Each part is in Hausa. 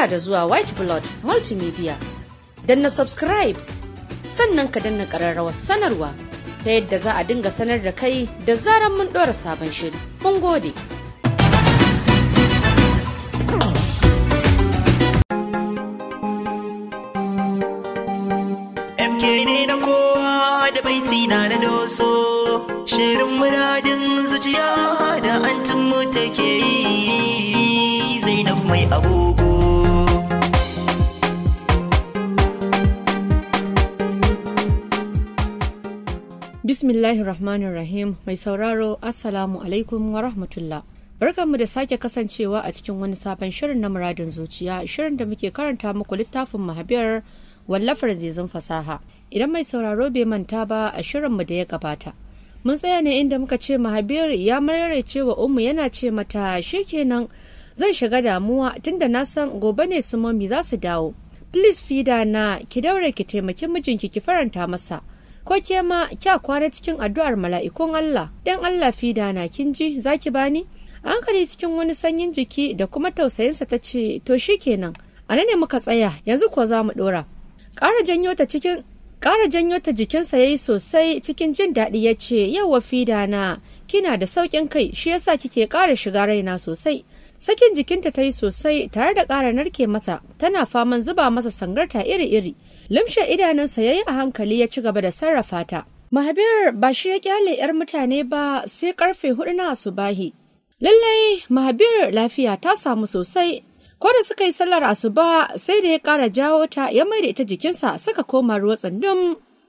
Barka da zuwa White Blood Multimedia. na subscribe sannan ka danna ƙararrawar sanarwa ta yadda za a dinga sanar da kai da zaran mun ɗora sabon shiri. Mun gode. MK na kowa da baiti na da shirin muradin zuciya da an take yi. mai agogo bismillahirrahmanirrahim Rahmanir Rahim mai sauraro Assalamu alaikum wa rahmatullah. Barkanmu da sake kasancewa a cikin wani sabon shirin na muradin zuciya, shirin da muke karanta muku littafin mahabiyar wallafar zizin fasaha. Idan mai sauraro bai manta ba a shirinmu da ya gabata. Mun tsaya ne inda muka ce mahabiyar ya marare wa Umu yana ce mata shikenan zan shiga damuwa tunda na san gobe ne su mami za su dawo. Please fida na ki daure ki taimaki mijinki ki faranta masa. ko ke ma kya kwana cikin addu'ar mala'ikun Allah dan Allah fida na kin ji zaki bani hankali cikin wani sanyin jiki da kuma tausayinsa ta ce to shikenan a ne muka tsaya yanzu ko za mu dora ƙara janyo ta cikin ƙara janyo ta jikinsa ya yi sosai cikin jin daɗi ya ce yawa da na kina da sauƙin kai shi yasa kike ƙara shiga raina sosai sakin jikinta ta yi sosai tare da ƙara narke masa tana faman zuba masa sangarta iri-iri limshe idanunsa ya yi a hankali ya ci gaba da sarrafa ta mahabir ba shi ya kyale yar mutane ba sai karfe hudu na asubahi lallai mahabir lafiya ta samu sosai ko da suka yi sallar asuba sai da ya kara jawo ta ya maida ita jikinsa suka koma ruwa tsundum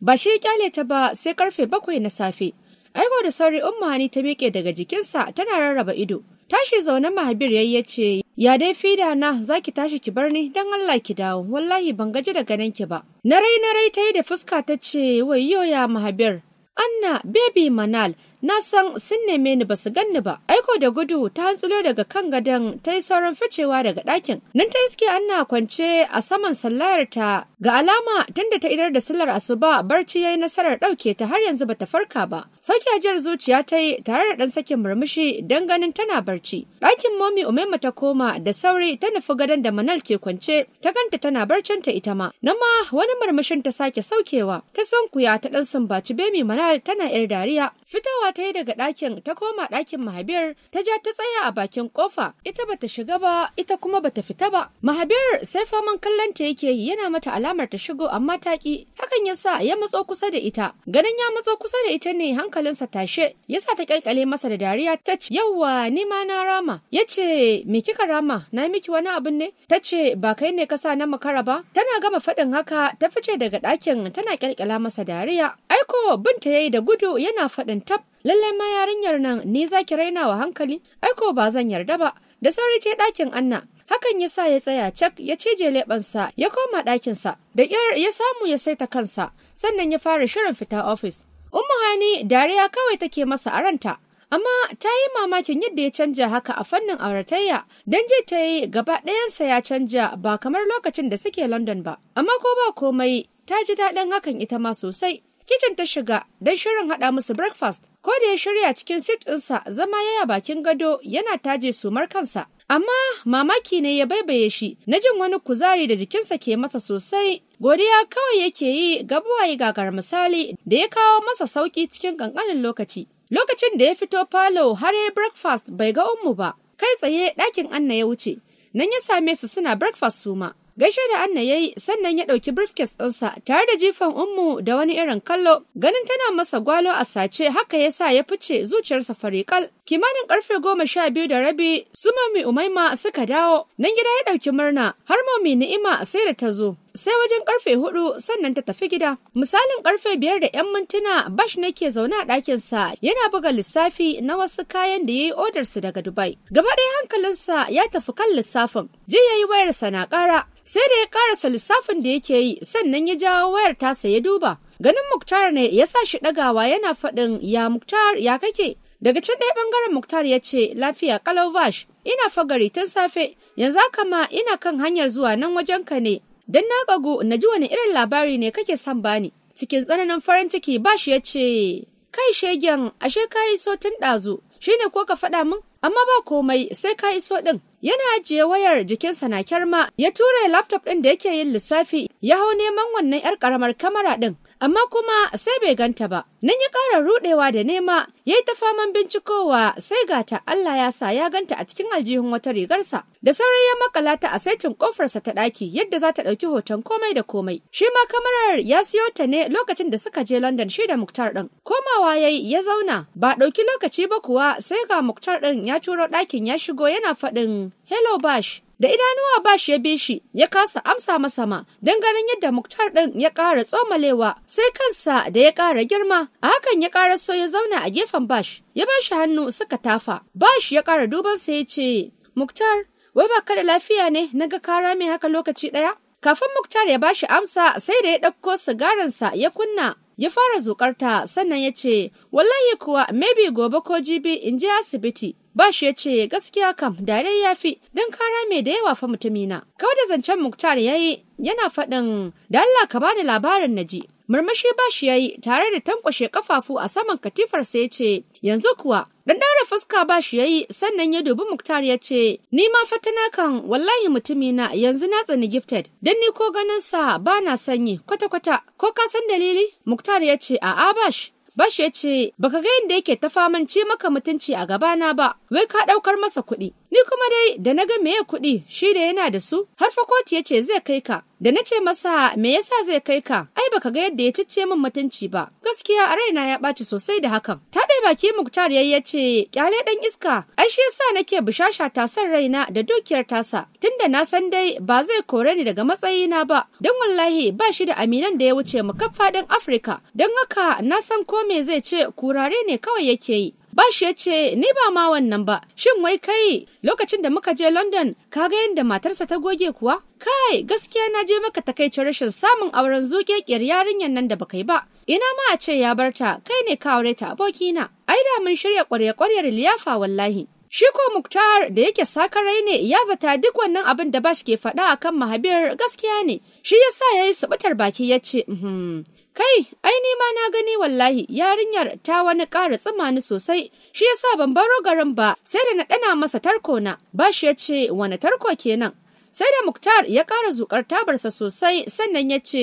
ba shi ya kyale ta ba sai karfe bakwai na safe Aiko da sauri Umma Hani ta miƙe daga jikinsa tana rarraba ido. Tashi zaune Mahabir yayyace, ya ce, "Ya dai fida na, za ki tashi ki bar ni don Allah ki dawo, wallahi ban gaji da ganin ki ba." Na rai na rai ta yi da fuska ta ce, "Wayyo ya Mahabir, Anna, baby Manal, na san sun neme ni basu ganni ba aiko da gudu ta hantsulo daga kan gadon ta yi sauran ficewa daga ɗakin nan ta iske na kwance a saman sallayar ta ga alama tunda ta idar da sallar asuba barci ya yi nasarar ɗauke ta har yanzu bata farka ba sauki ajiyar zuciya ta yi tare da ɗan sakin murmushi don ganin tana barci ɗakin momi umaima ta koma da sauri ta nufi gadon da manal ke kwance ta ganta tana barcin ta ita ma nan ma wani murmushin ta sake saukewa ta sunkuya ta ɗan sumbaci bemi manal tana yar dariya fitowa ta yi daga ɗakin ta koma ɗakin mahabiyar, ta ja ta tsaya a bakin kofa ita bata shiga ba ita kuma bata fita ba Mahabiyar sai faman kallon ta yake yi yana mata alamar ta shigo amma ta ki hakan ya sa ya matso kusa da ita ganin ya matso kusa da ita ne hankalinsa tashe ya sa ta kyalkyale masa da dariya ta ce yawwa ni ma na rama ya ce me kika rama na miki wani abin ne ta ce ba kai ne ka sa na makara ba tana gama faɗin haka ta fice daga ɗakin tana kyalkyala masa dariya aiko binta ya yi da gudu yana faɗin tab lallai ma yarinyar nan ne za ki raina wa hankali aiko ba zan yarda ba da sauri ke ɗakin anna hakan ya sa ya tsaya cak ya cije leɓensa ya koma ɗakinsa da ya samu ya saita kansa sannan ya fara shirin fita ofis umma hani dariya kawai take masa aron ta. amma ta yi mamakin yadda ya canja haka a fannin auratayya don je ta yi gaba ɗayansa ya canja ba kamar lokacin da suke london ba amma ko ba komai ta ji daɗin hakan ita ma sosai kicin ta shiga don shirin haɗa musu breakfast. Ko da ya shirya cikin sit ɗinsa zama yaya bakin gado yana taje sumar kansa. Amma mamaki ne ya baibaye shi na jin wani kuzari da jikinsa ke masa sosai. Godiya kawai yake yi ga buwaye gagar misali da ya kawo masa sauki cikin ƙanƙanin lokaci. Lokacin da ya fito falo har ya breakfast bai ga ummu ba, kai tsaye ɗakin Anna ya wuce. Nan ya same su suna breakfast suma. Gaishe da Anna ya yi sannan ya ɗauki briefcase ɗinsa tare da jifan Ummu da wani irin kallo. Ganin tana masa gwalo a sace haka ya sa ya fice zuciyarsa fariƙal. Kimanin karfe goma sha biyu da rabi su Mami Umaima suka dawo, nan gida ya ɗauki murna har Mami Ni'ima sai da ta zo. Sai wajen karfe hudu sannan ta tafi gida. Misalin karfe biyar da ‘yan mintuna Bash nake zaune a sa yana buga lissafi na wasu kayan da yayi yi su daga Dubai. Gaba ɗaya hankalinsa ya tafi kan lissafin. Ji yayi yi wayarsa na ƙara. Sai da ya ƙarasa lissafin da yake yi sannan ya jawo wayar tasa ya duba. Ganin Muktar ne ya sa shi ɗagawa yana faɗin ya Muktar ya kake Daga can ɗaya ɓangaren Muktar ya ce, Lafiya kalau Vash, ina fagari tun safe, yanzu haka ma ina kan hanyar zuwa nan wajenka ne, don na gagu na ji wani irin labari ne kake son bani. Cikin tsananin farin ciki Bash ya ce, Kai shegen, ashe ka yi so tun ɗazu, shi ne ko ka faɗa min? Amma ba komai sai ka yi so ɗin. Yana ajiye wayar jikinsa na kyarma, ya ture laptop ɗin da yake yin lissafi, ya hau neman wannan 'yar ƙaramar kamara ɗin. amma kuma sai bai ganta ba. Nan ya ƙara ruɗewa da nema, ya yi ta faman bincikowa sai ga ta Allah ya sa ya ganta a cikin aljihun wata rigarsa. Da sauri ya makala ta a saitin ƙofarsa ta ɗaki yadda za ta ɗauki hoton komai da komai. Shi ma kamarar ya siyo ta ne lokacin da suka je London shi da Muktar ɗin. Komawa ya yi ya zauna, ba ɗauki lokaci ba kuwa sai ga Muktar ɗin ya turo ɗakin ya shigo yana faɗin Hello Bash, da idanuwa ba shi ya bi shi ya kasa amsa masa ma don ganin yadda muktar ɗin ya ƙara tsomalewa sai kansa da ya ƙara girma a hakan ya ƙara so ya zauna a gefen bash ya ba shi hannu suka tafa bash ya ƙara duban sa ya ce muktar wai ba ka da lafiya ne na ga kara mai haka lokaci ɗaya kafin muktar ya ba shi amsa sai da ya ɗauko sigarinsa ya kunna ya fara zukarta sannan ya ce wallahi kuwa maybe gobe ko jibi in je asibiti Ba shi ya ce gaskiya kam da dai ya fi don kara mai da yawa fa mutumina. Kawai da zancen Muktar ya yi yana faɗin da Allah ka bani labarin na ji Murmushi ba shi ya tare da tankwashe kafafu a saman katifar sai ya ce, Yanzu kuwa, dan ɗaura fuska ba shi ya sannan ya dubi Muktar ya ce, Ni ma fatana kan wallahi mutumina yanzu na tsani gifted, dan ni ko ganin sa ba na sanyi kwata-kwata, ko ka san dalili? Muktar ya ce, A'a Ba Bash ya ce, baka ga yanda yake ta faman ce maka mutunci a gabana ba, wai ka ɗaukar masa kuɗi. Ni kuma dai da na ga meye kuɗi shi da yana da su har fakoti ya ce zai kai ka da na ce masa me yasa zai kai ka ai baka ga yadda ya cicce min mutunci ba gaskiya a raina ya ɓaci sosai da hakan ta bai baki muktar yayi ya ce kyale ɗan iska ai shi yasa nake bushasha ta san raina da dukiyar tasa tunda na san dai ba zai kore ni daga matsayina ba don wallahi ba shi da aminan da ya wuce mu kafa Afirka don haka na san ko me zai ce kurare ne kawai yake yi Ba shi ya ce ni ba ma wannan ba, shin wai kai lokacin da muka je London ka ga yadda matarsa ta goge kuwa? Kai gaskiya na je maka takaicin rashin samun auren zuƙeƙiyar yarinyar nan da baka yi ba. Ina ma ce ya barta kai ne ka aure ta abokina. Ai da mun shirya ƙwarya-ƙwaryar liyafa wallahi. Shi ko Muktar da yake sakarai ne ya zata duk wannan abin da bashi ke faɗa a kan Mahabir gaskiya ne. Shi ya sa ya yi subutar baki ya ce, mhm. Kai, ai ni ma na gani wallahi yarinyar ta wani ƙara tsimani sosai, shi ya sa ban baro garin ba sai da na ɗana masa tarko na. Bash ya ce, wani tarko kenan? Sai da Muktar ya ƙara zuƙar tabarsa sosai sannan ya ce,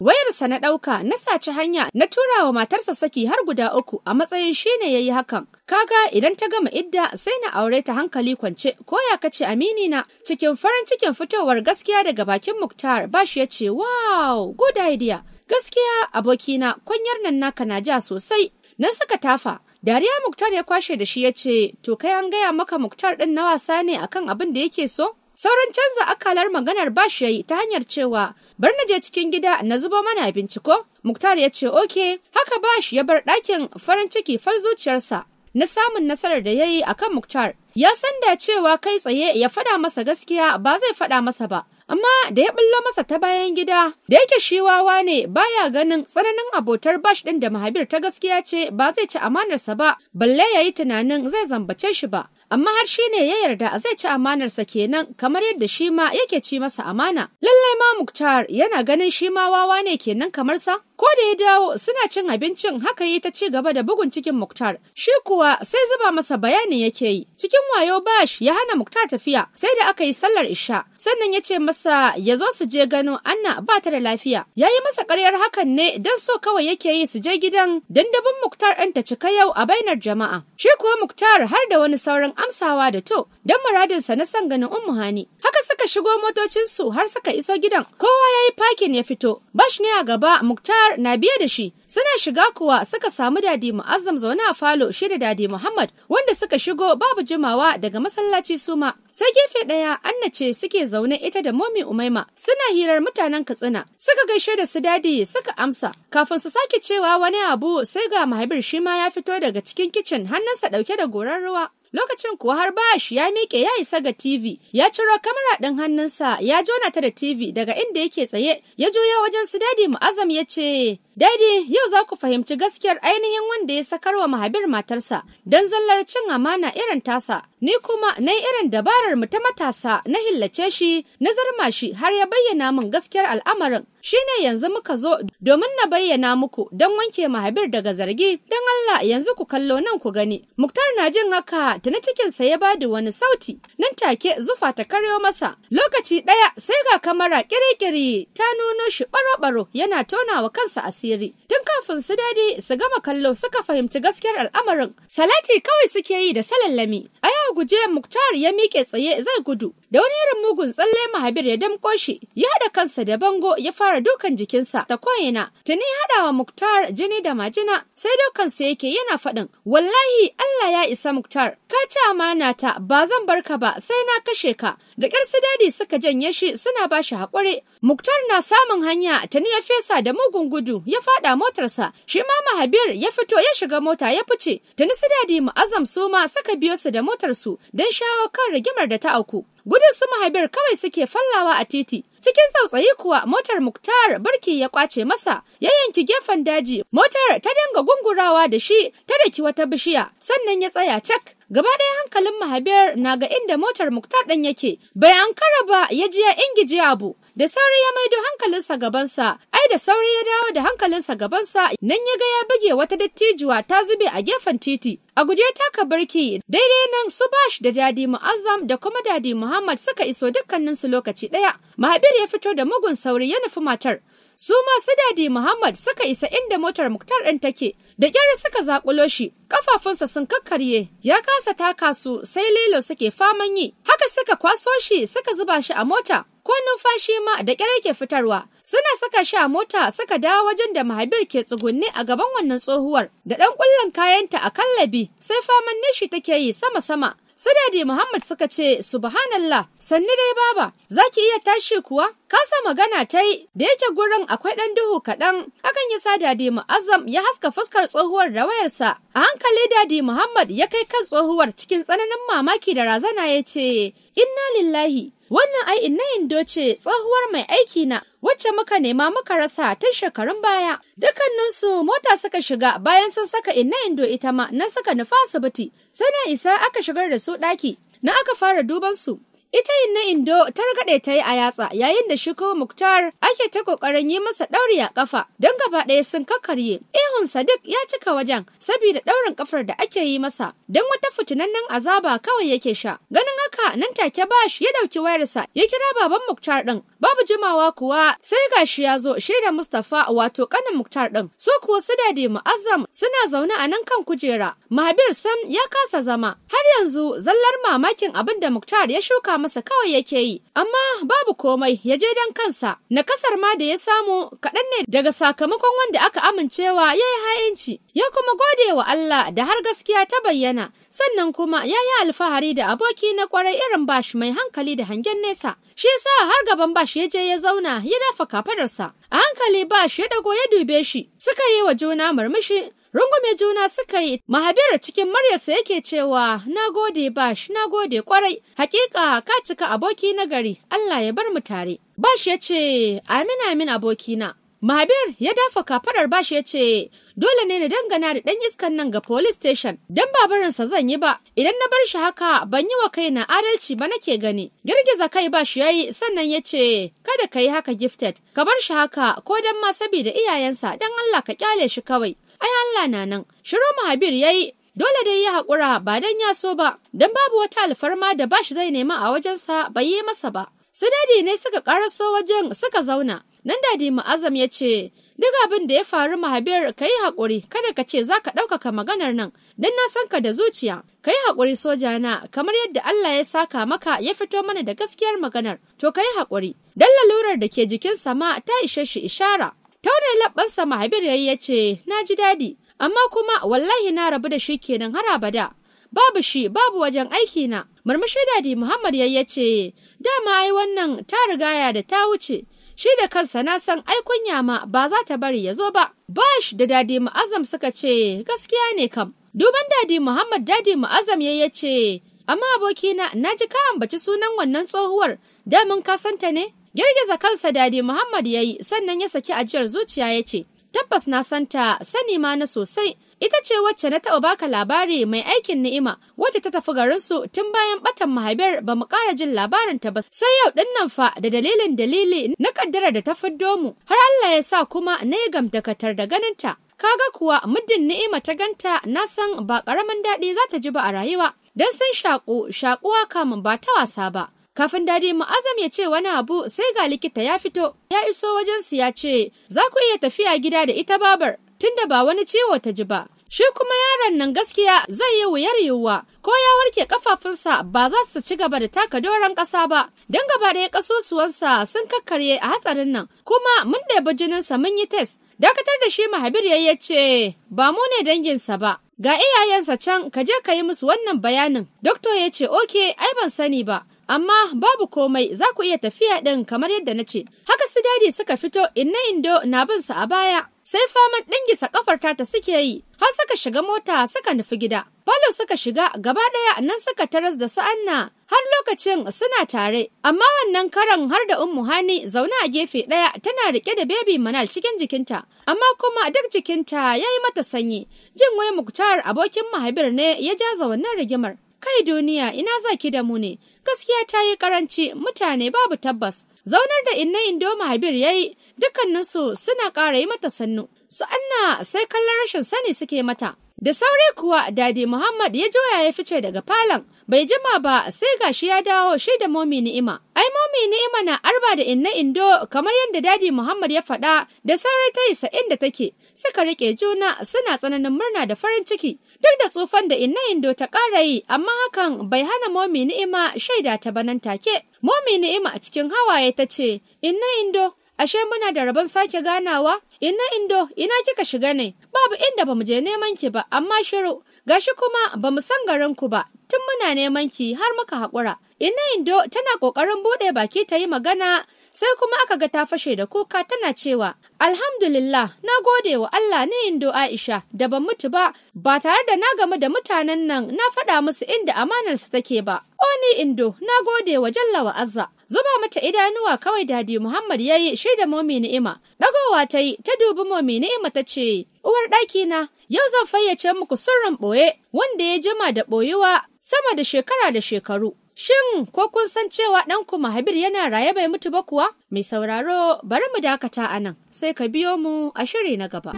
Wayarsa na ɗauka na saci hanya na tura wa matarsa saki har guda uku a matsayin shine ya yi hakan. Kaga idan ta gama idda sai na aure ta hankali kwance ko ya kace amini na cikin farin cikin fitowar gaskiya daga bakin Muktar bashi ya ce wow good idea. Gaskiya abokina kunyar nan naka na ja sosai nan suka tafa Dariya Muktar ya kwashe da shi ya ce, To kai an gaya maka Muktar ɗin na wasa ne akan abin da yake so? Sauran canza akalar maganar Bash yayi ta hanyar cewa bar na je cikin gida na zubo mana abinci ko? Muktar ya ce oke, haka Bash ya bar ɗakin farin ciki far zuciyarsa na samun nasarar da ya yi a kan Muktar. Ya san da cewa kai tsaye ya faɗa masa gaskiya ba zai faɗa masa ba. Amma da ya ɓullo masa ta bayan gida, da yake shi wawa ne baya ganin tsananin abotar Bash ɗin da Mahabir ta gaskiya ce ba zai ci amanarsa ba, balle ya yi tunanin zai zambace shi ba. amma har shi ne ya yarda a zai ci amanarsa kenan kamar yadda shi ma yake ci masa amana. Lallai ma Muktar yana ganin shi ma wawa ne kenan kamar sa? Ko da ya dawo suna cin abincin haka yi ta ci gaba da bugun cikin Muktar. Shi kuwa sai zuba masa bayani yake yi. Cikin wayo bash ya hana Muktar tafiya sai da aka yi sallar isha. Sannan ya ce masa ya zo su je gano Anna ba ta da lafiya. Ya yi masa karyar hakan ne don so kawai yake yi su je gidan dandabin Muktar ɗin ta cika yau a bainar jama'a. Shi kuwa Muktar har da wani sauran amsawa da to don muradinsa na san ganin Ummu Hani. Haka suka shigo motocinsu har suka iso gidan. Kowa ya yi fakin ya fito. Bash ne a gaba Muktar na biye da shi. Suna shiga kuwa suka samu Dadi Mu'azzam zaune a falo shi da Dadi Muhammad wanda suka shigo babu jimawa daga masallaci suma. Sai gefe ɗaya Anna ce suke zaune ita da Momi Umaima suna hirar mutanen Katsina. Suka gaishe da su Dadi suka amsa. Kafin su sake cewa wani abu sai ga Mahabir shi ma ya fito daga cikin kicin hannunsa ɗauke da goran ruwa. lokacin kuwa har bash ya miƙe ya isa ga TV ya ciro kamera ɗin hannunsa ya jona ta da TV daga inda yake tsaye ya juya wajen su dadi mu'azzam ya ce Daidai yau za ku fahimci gaskiyar ainihin wanda ya sakar wa mahabir matarsa don zallar cin amana irin tasa, ni kuma na irin dabarar mu ta matasa na hillace shi, na zarma shi har ya bayyana min gaskiyar al'amarin. Shi ne yanzu muka zo domin na bayyana muku don wanke mahabir daga zargi don Allah yanzu ku kallo nan ku gani. Muktar na jin haka na cikinsa ya bada wani sauti, nan take zufa ta karyo masa. Lokaci ɗaya sai ga kamara kirikiri ta nuno shi baro-baro yana tonawa kansa asiri. asiri tun kafin su dade su gama kallo suka fahimci gaskiyar al'amarin salati kawai suke yi da salallami aya guje muktar ya miƙe tsaye zai gudu da wani irin mugun tsalle mahabir ya damko shi ya haɗa kansa da bango ya fara dukan jikinsa ta koyina tuni haɗawa muktar jini da majina sai dukansa yake yana faɗin wallahi allah ya isa muktar ka ci amana ta ba zan bar ka ba sai na kashe ka da kyar su dadi suka janye shi suna ba shi haƙuri muktar na samun hanya tuni ya fesa da mugun gudu ya faɗa motarsa shi ma mahabir ya fito ya shiga mota ya fice tuni su dadi mu'azzam su ma suka biyo su da motarsu don shawo kan rigimar da ta auku gudun su mahabir kawai suke fallawa a titi cikin tsautsayi kuwa motar muktar barki ya kwace masa ya yanki gefen daji motar ta dinga gungurawa da shi ta daki wata bishiya sannan ya tsaya cak gaba ɗaya hankalin mahabir na ga inda motar muktar ɗin yake bai ankara ba ya ji ya ingije abu da sauri ya maido hankalinsa gabansa ai da sauri ya dawo da hankalinsa gabansa nan ya ga ya buge wata dattijuwa ta zube a gefen titi a guje taka barki, daidai nan subash da dadi mu'azzam da kuma dadi muhammad suka iso dukkaninsu lokaci ɗaya mahabir ya fito da mugun sauri ya nufi matar su masu dadi Muhammad suka isa inda motar Muktar ɗin take, da ƙyar suka zaƙulo shi, ƙafafunsa sun kakkarye, ya kasa taka su sai lilo suke faman yi, haka suka kwaso shi suka zuba shi a mota, ko numfashi ma da kyar yake fitarwa. Suna saka shi mota suka dawo wajen da mahabir ke tsugunne a gaban wannan tsohuwar da ɗan kullun kayanta a kan kallabi sai faman nishi take yi sama-sama. Su dadi Muhammad suka ce, Subhanallah, sanni dai baba, zaki iya tashi kuwa? Kasa magana ta yi da yake gurin akwai ɗan duhu kaɗan, hakan ya sa Dadi Mu'azzam ya haska fuskar tsohuwar da wayarsa. A hankali Dadi Muhammad ya kai kan tsohuwar cikin tsananin mamaki da razana ya ce, Inna lillahi, wannan ai inna indo ce tsohuwar mai aiki na wacce muka nema muka rasa tun shekarun baya dukkaninsu mota suka shiga bayan sun saka inna indo ita ma nan suka nufa asibiti suna isa aka shigar da su ɗaki na aka fara duban su Ita na indo ta ragaɗe ta yi a yatsa yayin da shi kuma Muktar ake ta ƙoƙarin yi masa ɗauri a ƙafa don gaba ɗaya sun kakarye. Ihun Sadiq ya cika wajen saboda ɗaurin ƙafar da ake yi masa don wata fitinannen azaba kawai yake sha. Ganin haka nan take bash ya ɗauki wayarsa ya kira baban Muktar ɗin. Babu jimawa kuwa sai gashi ya zo shi da Mustapha wato ƙanin Muktar ɗin. Su kuwa su dade Mu'azzam suna zaune a nan kan kujera. Mahabir Sam ya kasa zama har yanzu zallar mamakin abin da Muktar ya shuka masa kawai yake yi amma babu komai ya je dan kansa na kasar ma da ya samu kaɗan ne daga sakamakon wanda aka amincewa ya yi ha'inci ya kuma gode wa Allah da har gaskiya ta bayyana sannan kuma ya yi alfahari da aboki na kwarai irin bashi mai hankali da hangen nesa shi yasa har gaban bashi ya je ya zauna ya dafa kafadarsa a hankali bashi ya dago ya dube shi suka yi wa juna murmushi Rungume juna suka yi, Mahabir cikin muryarsa yake cewa, Na gode Bash, na gode kwarai, hakika ka cika aboki na gari, Allah ya bar mu tare. Bash ya ce, Amin amin abokina. Mahabir ya dafa kafarar Bash ya ce, Dole ne na dangana da ɗan iskan nan ga police station, don babarinsa zan yi ba, idan na bar shi haka ban yi wa kaina adalci ba nake gani. Girgiza kai Bash ya yi sannan ya ce, Kada ka yi haka gifted, ka bar shi haka ko don ma sabida iyayensa don Allah ka kyale shi kawai. ai Allah na nan shiru Mahabir yayi dole dai ya haƙura ba dan ya so ba dan babu wata alfarma da bashi zai nema a wajensa bai yi masa ba su dadi ne suka karaso wajen suka zauna nan dadi ma'azam ya ce duk abin da ya faru mahabir ka yi haƙuri kada ka ce za ka ɗaukaka maganar nan don na san ka da zuciya ka yi haƙuri sojana kamar yadda Allah ya saka maka ya fito mana da gaskiyar maganar to ka yi haƙuri don lalurar da ke jikin sama ta ishe shi ishara Taunar labbansa Mahabir ya ce, Na ji daɗi, amma kuma wallahi na rabu da shi kenan har abada. Babu shi, babu wajen aiki na. Murmushi dadi Muhammad ya ce, Dama ai wannan ta rigaya da ta wuce. Shi da kansa na san ai kunya ma ba za ta bari ya zo ba. Bash da dadi Mu'azzam suka ce, Gaskiya ne kam. Duban dadi Muhammad dadi Mu'azzam ya ce, Amma abokina, na ji ka ambaci sunan wannan tsohuwar, da ka kasanta ne? Girgiza kansa Dadi Muhammad ya yi sannan ya saki ajiyar zuciya ya ce, Tabbas na santa sani ma na sosai, ita ce wacce na taɓa baka labari mai aikin ni'ima wacce ta tafi garinsu tun bayan ɓatan mahaifiyar ba mu ƙara jin labarin ta ba sai yau ɗin nan fa da dalilin dalili na ƙaddara da ta fiddo mu har Allah ya sa kuma na yi gamdakatar da ganinta. Kaga kuwa muddin ni'ima ta ganta na san ba ƙaramin daɗi za ta ji ba a rayuwa don sun shaƙu shaƙuwa kam ba ta wasa ba. Kafin dadi mu'azam ya ce wani abu sai ga likita ya fito, ya iso wajensu ya ce, za ku iya tafiya gida da ita babar, tunda ba wani ciwo ta ji ba. Shi kuma yaron nan gaskiya zai yi wuyar yiwuwa, ko ya warke kafafunsa ba za su ci gaba da taka doron ƙasa ba, don gaba ɗaya ƙasusuwansa sun kakkarye a hatsarin nan, kuma mun ɗebi jininsa mun yi test. Dakatar da shi Mahabir ya yi ce, ba mu ne danginsa ba, ga iyayensa can ka je ka yi musu wannan bayanin. dokto ya ce, ok, ai ban sani ba. amma babu komai za ku iya tafiya ɗin kamar yadda na ce. Haka su dadi suka fito inna indo na bin su a baya. Sai faman ɗingisa ƙafar ta suke yi, har suka shiga mota suka nufi gida. Falo suka shiga gaba ɗaya nan suka taras da su anna har lokacin suna tare, amma wannan karan har da Ummu Hani zaune a gefe ɗaya tana riƙe da bebi Manal cikin jikinta, amma kuma duk jikinta ya yi mata sanyi. Jin wai muktar abokin mahabir ne ya jaza wannan rigimar. Kai duniya ina za ki da mu ne, gaskiya ta yi karanci mutane babu tabbas zaunar da inna Indo habir ya yi dukkaninsu suna ƙara yi mata sannu su anna sai kallon rashin sani suke mata da sauri kuwa dadi muhammad ya joya ya fice daga falon bai jima ba sai gashi ya dawo shi da momi ni'ima ai momi ni'ima na arba da inna indo kamar yadda dadi muhammad ya faɗa da saure ta yi sa'in da take suka riƙe juna suna tsananin murna da farin ciki duk da tsufan da inna indo ta ƙara yi amma hakan bai hana momi ni'ima shaida ta banan take momi ni'ima a cikin hawaye ta ce inna indo ashe muna da rabon sake ganawa inna indo ina kika shiga ne babu inda bamu je neman ki ba amma shiru gashi kuma bamu san garin ku ba tun muna neman ki har muka haƙura inna indo tana ƙoƙarin buɗe baki ta yi magana sai kuma aka ga ta fashe da kuka tana cewa alhamdulillah na gode wa Allah ne indo Aisha da ban mutu ba ba tare da na gamu da mutanen nan na faɗa musu inda amanar su take ba o ni indo na gode wa jalla wa azza zuba mata idanuwa kawai dadi Muhammad yayi shi da momi ni'ima dagowa ta yi ta dubi momi ni'ima ta ce uwar ɗaki na yau zan fayyace muku sirrin ɓoye wanda ya jima da ɓoyuwa sama da shekara da shekaru Shin ko kun san cewa ɗanku Mahabir yana raye bai mutu ba kuwa? Mai sauraro bari mu dakata anan, sai ka biyo mu a shiri na gaba.